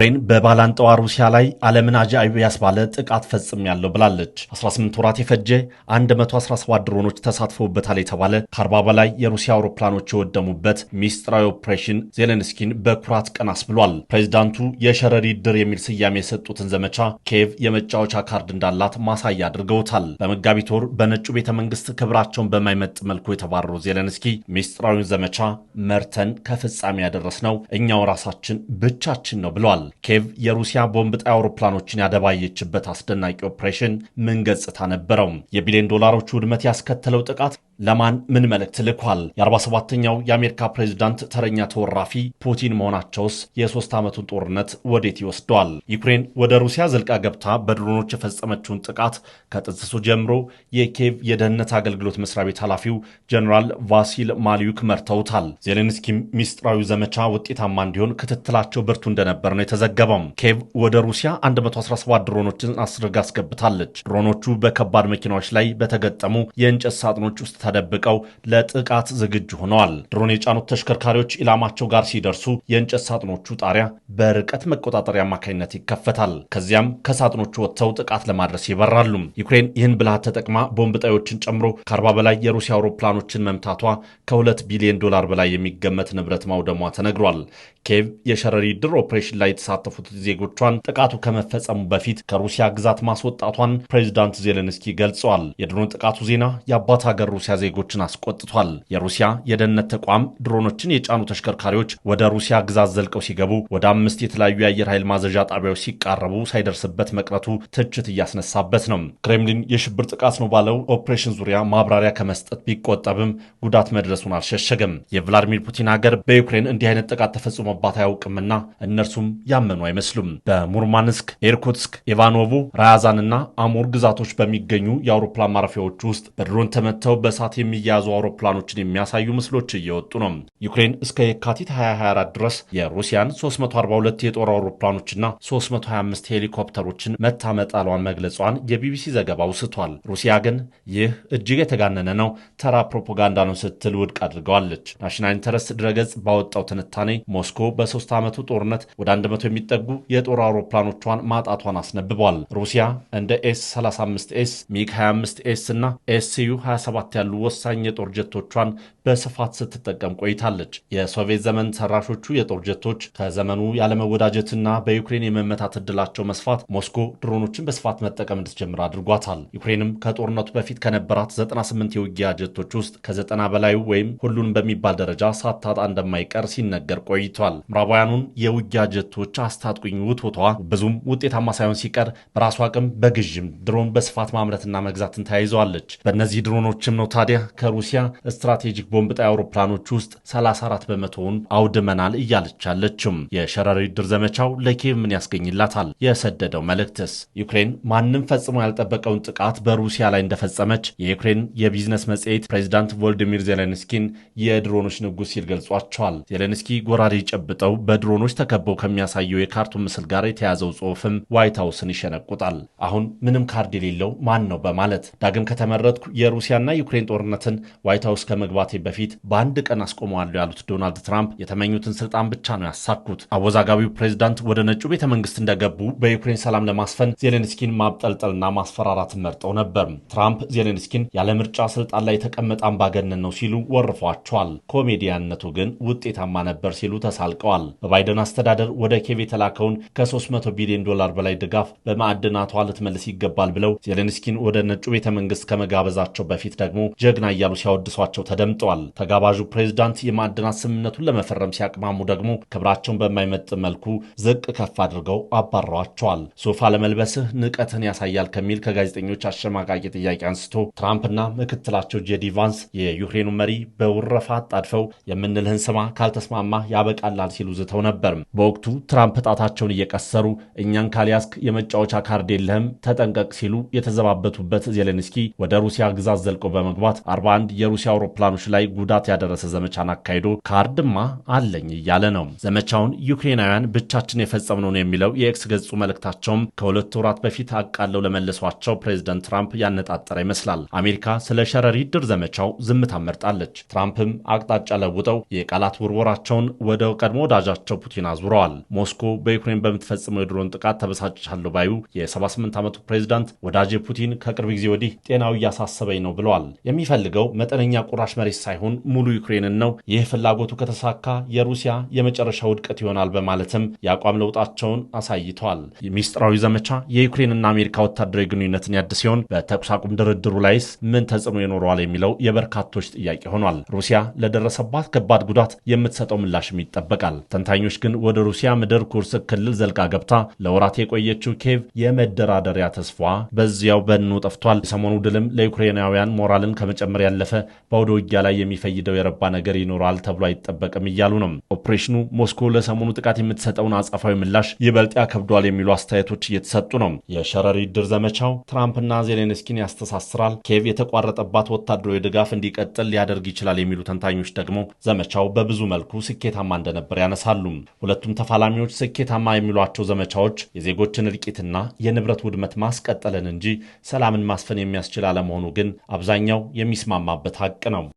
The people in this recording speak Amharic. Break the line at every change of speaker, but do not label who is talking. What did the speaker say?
ዩክሬን በባላንጣዋ ሩሲያ ላይ ዓለምን አጃኢብ ያስባለ ጥቃት ያለው ብላለች። 18 ወራት የፈጀ 117 ድሮኖች ተሳትፈውበታል የተባለ ከ40 በላይ የሩሲያ አውሮፕላኖች የወደሙበት ሚስጥራዊ ኦፕሬሽን ዜሌንስኪን በኩራት ቀናስ አስብሏል። ፕሬዚዳንቱ የሸረሪ ድር የሚል ስያሜ የሰጡትን ዘመቻ ኪየቭ የመጫወቻ ካርድ እንዳላት ማሳያ አድርገውታል። በመጋቢት ወር በነጩ ቤተ መንግስት ክብራቸውን በማይመጥ መልኩ የተባረሩ ዜሌንስኪ ሚስጥራዊውን ዘመቻ መርተን ከፍጻሜ ያደረስነው እኛው ራሳችን ብቻችን ነው ብለዋል። ኬቭ የሩሲያ ቦምብ ጣይ አውሮፕላኖችን ያደባየችበት አስደናቂ ኦፕሬሽን ምን ገጽታ ነበረው? የቢሊዮን ዶላሮቹ ውድመት ያስከተለው ጥቃት ለማን ምን መልእክት ልኳል? የ47ኛው የአሜሪካ ፕሬዝዳንት ተረኛ ተወራፊ ፑቲን መሆናቸውስ የሶስት ዓመቱን ጦርነት ወዴት ይወስደዋል? ዩክሬን ወደ ሩሲያ ዘልቃ ገብታ በድሮኖች የፈጸመችውን ጥቃት ከጥንስሱ ጀምሮ የኬቭ የደህንነት አገልግሎት መስሪያ ቤት ኃላፊው ጀኔራል ቫሲል ማሊዩክ መርተውታል። ዜሌንስኪ ሚስጥራዊ ዘመቻ ውጤታማ እንዲሆን ክትትላቸው ብርቱ እንደነበር ነው ተዘገበም። ኬቭ ወደ ሩሲያ 117 ድሮኖችን አስደርጋ አስገብታለች። ድሮኖቹ በከባድ መኪናዎች ላይ በተገጠሙ የእንጨት ሳጥኖች ውስጥ ተደብቀው ለጥቃት ዝግጁ ሆነዋል። ድሮን የጫኑት ተሽከርካሪዎች ኢላማቸው ጋር ሲደርሱ የእንጨት ሳጥኖቹ ጣሪያ በርቀት መቆጣጠሪያ አማካኝነት ይከፈታል። ከዚያም ከሳጥኖቹ ወጥተው ጥቃት ለማድረስ ይበራሉ። ዩክሬን ይህን ብልሃት ተጠቅማ ቦምብ ጣዮችን ጨምሮ ከ40 በላይ የሩሲያ አውሮፕላኖችን መምታቷ ከ2 ቢሊዮን ዶላር በላይ የሚገመት ንብረት ማውደሟ ተነግሯል። ኬቭ የሸረሪ ድር ኦፕሬሽን ላይ የተሳተፉት ዜጎቿን ጥቃቱ ከመፈጸሙ በፊት ከሩሲያ ግዛት ማስወጣቷን ፕሬዚዳንት ዜሌንስኪ ገልጸዋል። የድሮን ጥቃቱ ዜና የአባት ሀገር ሩሲያ ዜጎችን አስቆጥቷል። የሩሲያ የደህንነት ተቋም ድሮኖችን የጫኑ ተሽከርካሪዎች ወደ ሩሲያ ግዛት ዘልቀው ሲገቡ ወደ አምስት የተለያዩ የአየር ኃይል ማዘዣ ጣቢያዎች ሲቃረቡ ሳይደርስበት መቅረቱ ትችት እያስነሳበት ነው። ክሬምሊን የሽብር ጥቃት ነው ባለው ኦፕሬሽን ዙሪያ ማብራሪያ ከመስጠት ቢቆጠብም ጉዳት መድረሱን አልሸሸገም። የቭላዲሚር ፑቲን ሀገር በዩክሬን እንዲህ አይነት ጥቃት ተፈጽሞባት አያውቅምና እነርሱም ያ ያመኑ አይመስሉም። በሙርማንስክ፣ ኤርኮትስክ፣ ኢቫኖቮ፣ ራያዛንና አሞር ግዛቶች በሚገኙ የአውሮፕላን ማረፊያዎች ውስጥ በድሮን ተመተው በእሳት የሚያያዙ አውሮፕላኖችን የሚያሳዩ ምስሎች እየወጡ ነው። ዩክሬን እስከ የካቲት 2024 ድረስ የሩሲያን 342 የጦር አውሮፕላኖችና 325 ሄሊኮፕተሮችን መታመጣሏን መግለጿን የቢቢሲ ዘገባ አውስቷል። ሩሲያ ግን ይህ እጅግ የተጋነነ ነው፣ ተራ ፕሮፓጋንዳ ነው ስትል ውድቅ አድርገዋለች። ናሽናል ኢንተረስት ድረገጽ ባወጣው ትንታኔ ሞስኮ በሶስት ዓመቱ ጦርነት ወደ 100 የሚጠጉ የጦር አውሮፕላኖቿን ማጣቷን አስነብቧል። ሩሲያ እንደ ኤስ 35 ኤስ፣ ሚግ 25 ኤስ እና ኤስዩ 27 ያሉ ወሳኝ የጦር ጀቶቿን በስፋት ስትጠቀም ቆይታለች። የሶቪየት ዘመን ሰራሾቹ የጦር ጀቶች ከዘመኑ ያለመወዳጀትና በዩክሬን የመመታት እድላቸው መስፋት ሞስኮ ድሮኖችን በስፋት መጠቀም እንድትጀምር አድርጓታል። ዩክሬንም ከጦርነቱ በፊት ከነበራት 98 የውጊያ ጀቶች ውስጥ ከዘጠና በላዩ ወይም ሁሉን በሚባል ደረጃ ሳታጣ እንደማይቀር ሲነገር ቆይቷል። ምዕራባውያኑን የውጊያ ጀቶች ሰዎች አስታጥቁኝ ውትወቷ ብዙም ውጤታማ ሳይሆን ሲቀር በራሱ አቅም በግዥም ድሮን በስፋት ማምረትና መግዛትን ተያይዘዋለች። በእነዚህ ድሮኖችም ነው ታዲያ ከሩሲያ ስትራቴጂክ ቦምብ ጣይ አውሮፕላኖች ውስጥ 34 በመቶውን አውድመናል እያለች ያለችም። ድር ዘመቻው ለኪየቭ ምን ያስገኝላታል? የሰደደው መልእክትስ? ዩክሬን ማንም ፈጽሞ ያልጠበቀውን ጥቃት በሩሲያ ላይ እንደፈጸመች የዩክሬን የቢዝነስ መጽሔት ፕሬዚዳንት ቮልዲሚር ዜሌንስኪን የድሮኖች ንጉሥ ሲል ገልጿቸዋል። ዜሌንስኪ ጎራዴ ጨብጠው በድሮኖች ተከበው ከሚያሳ ከሚያሳየው የካርቱን ምስል ጋር የተያዘው ጽሑፍም ዋይት ሀውስን ይሸነቁጣል። አሁን ምንም ካርድ የሌለው ማን ነው በማለት ዳግም ከተመረጥኩ የሩሲያና ዩክሬን ጦርነትን ዋይት ሀውስ ከመግባቴ በፊት በአንድ ቀን አስቆመዋለሁ ያሉት ዶናልድ ትራምፕ የተመኙትን ስልጣን ብቻ ነው ያሳኩት። አወዛጋቢው ፕሬዚዳንት ወደ ነጩ ቤተ መንግስት እንደገቡ በዩክሬን ሰላም ለማስፈን ዜሌንስኪን ማብጠልጠልና ማስፈራራት መርጠው ነበር። ትራምፕ ዜሌንስኪን ያለ ምርጫ ስልጣን ላይ የተቀመጠ አምባገነን ነው ሲሉ ወርፏቸዋል። ኮሜዲያነቱ ግን ውጤታማ ነበር ሲሉ ተሳልቀዋል። በባይደን አስተዳደር ወደ ከኪየቭ የተላከውን ከ300 ቢሊዮን ዶላር በላይ ድጋፍ በማዕድናቷ ልትመልስ ይገባል ብለው ዜሌንስኪን ወደ ነጩ ቤተ መንግስት ከመጋበዛቸው በፊት ደግሞ ጀግና እያሉ ሲያወድሷቸው ተደምጠዋል። ተጋባዡ ፕሬዚዳንት የማዕድናት ስምምነቱን ለመፈረም ሲያቅማሙ ደግሞ ክብራቸውን በማይመጥ መልኩ ዝቅ ከፍ አድርገው አባረዋቸዋል። ሶፋ ለመልበስህ ንቀትን ያሳያል ከሚል ከጋዜጠኞች አሸማቃቂ ጥያቄ አንስቶ ትራምፕና ምክትላቸው ጄዲ ቫንስ የዩክሬኑ መሪ በውረፋ አጣድፈው የምንልህን ስማ ካልተስማማ ያበቃላል ሲሉ ዝተው ነበር። በወቅቱ ትራምፕ ጣታቸውን እየቀሰሩ እኛን ካሊያስክ የመጫወቻ ካርድ የለህም ተጠንቀቅ ሲሉ የተዘባበቱበት ዜሌንስኪ ወደ ሩሲያ ግዛት ዘልቆ በመግባት 41 የሩሲያ አውሮፕላኖች ላይ ጉዳት ያደረሰ ዘመቻን አካሂዶ ካርድማ አለኝ እያለ ነው። ዘመቻውን ዩክሬናውያን ብቻችን የፈጸምነው ነው የሚለው የኤክስ ገጹ መልእክታቸውም ከሁለት ወራት በፊት አቃለው ለመለሷቸው ፕሬዚደንት ትራምፕ ያነጣጠረ ይመስላል። አሜሪካ ስለ ሸረሪድር ዘመቻው ዝምታ መርጣለች። ትራምፕም አቅጣጫ ለውጠው የቃላት ውርወራቸውን ወደ ቀድሞ ወዳጃቸው ፑቲን አዙረዋል። ሞስኮ በዩክሬን በምትፈጽመው የድሮን ጥቃት ተበሳጭቻለሁ ባዩ የ78 ዓመቱ ፕሬዚዳንት ወዳጄ ፑቲን ከቅርብ ጊዜ ወዲህ ጤናው እያሳሰበኝ ነው ብለዋል። የሚፈልገው መጠነኛ ቁራሽ መሬት ሳይሆን ሙሉ ዩክሬንን ነው። ይህ ፍላጎቱ ከተሳካ የሩሲያ የመጨረሻ ውድቀት ይሆናል በማለትም የአቋም ለውጣቸውን አሳይተዋል። ሚስጥራዊ ዘመቻ የዩክሬንና አሜሪካ ወታደራዊ ግንኙነትን ያድ ሲሆን በተኩስ አቁም ድርድሩ ላይስ ምን ተጽዕኖ ይኖረዋል የሚለው የበርካቶች ጥያቄ ሆኗል። ሩሲያ ለደረሰባት ከባድ ጉዳት የምትሰጠው ምላሽም ይጠበቃል። ተንታኞች ግን ወደ ሩሲያ ምድር በአስተዳደር ኩርስ ክልል ዘልቃ ገብታ ለወራት የቆየችው ኬቭ የመደራደሪያ ተስፋ በዚያው በኑ ጠፍቷል። የሰሞኑ ድልም ለዩክሬናውያን ሞራልን ከመጨመር ያለፈ በአውደ ውጊያ ላይ የሚፈይደው የረባ ነገር ይኖራል ተብሎ አይጠበቅም እያሉ ነው። ኦፕሬሽኑ ሞስኮ ለሰሞኑ ጥቃት የምትሰጠውን አጸፋዊ ምላሽ ይበልጥ ያከብዷል የሚሉ አስተያየቶች እየተሰጡ ነው። የሸረሪ ድር ዘመቻው ትራምፕና ዜሌንስኪን ያስተሳስራል፣ ኬቭ የተቋረጠባት ወታደራዊ ድጋፍ እንዲቀጥል ሊያደርግ ይችላል የሚሉ ተንታኞች ደግሞ ዘመቻው በብዙ መልኩ ስኬታማ እንደነበር ያነሳሉ። ሁለቱም ተፋላሚዎች አመራሮች ስኬታማ የሚሏቸው ዘመቻዎች የዜጎችን እልቂትና የንብረት ውድመት ማስቀጠልን እንጂ ሰላምን ማስፈን የሚያስችል አለመሆኑ ግን አብዛኛው የሚስማማበት ሀቅ ነው።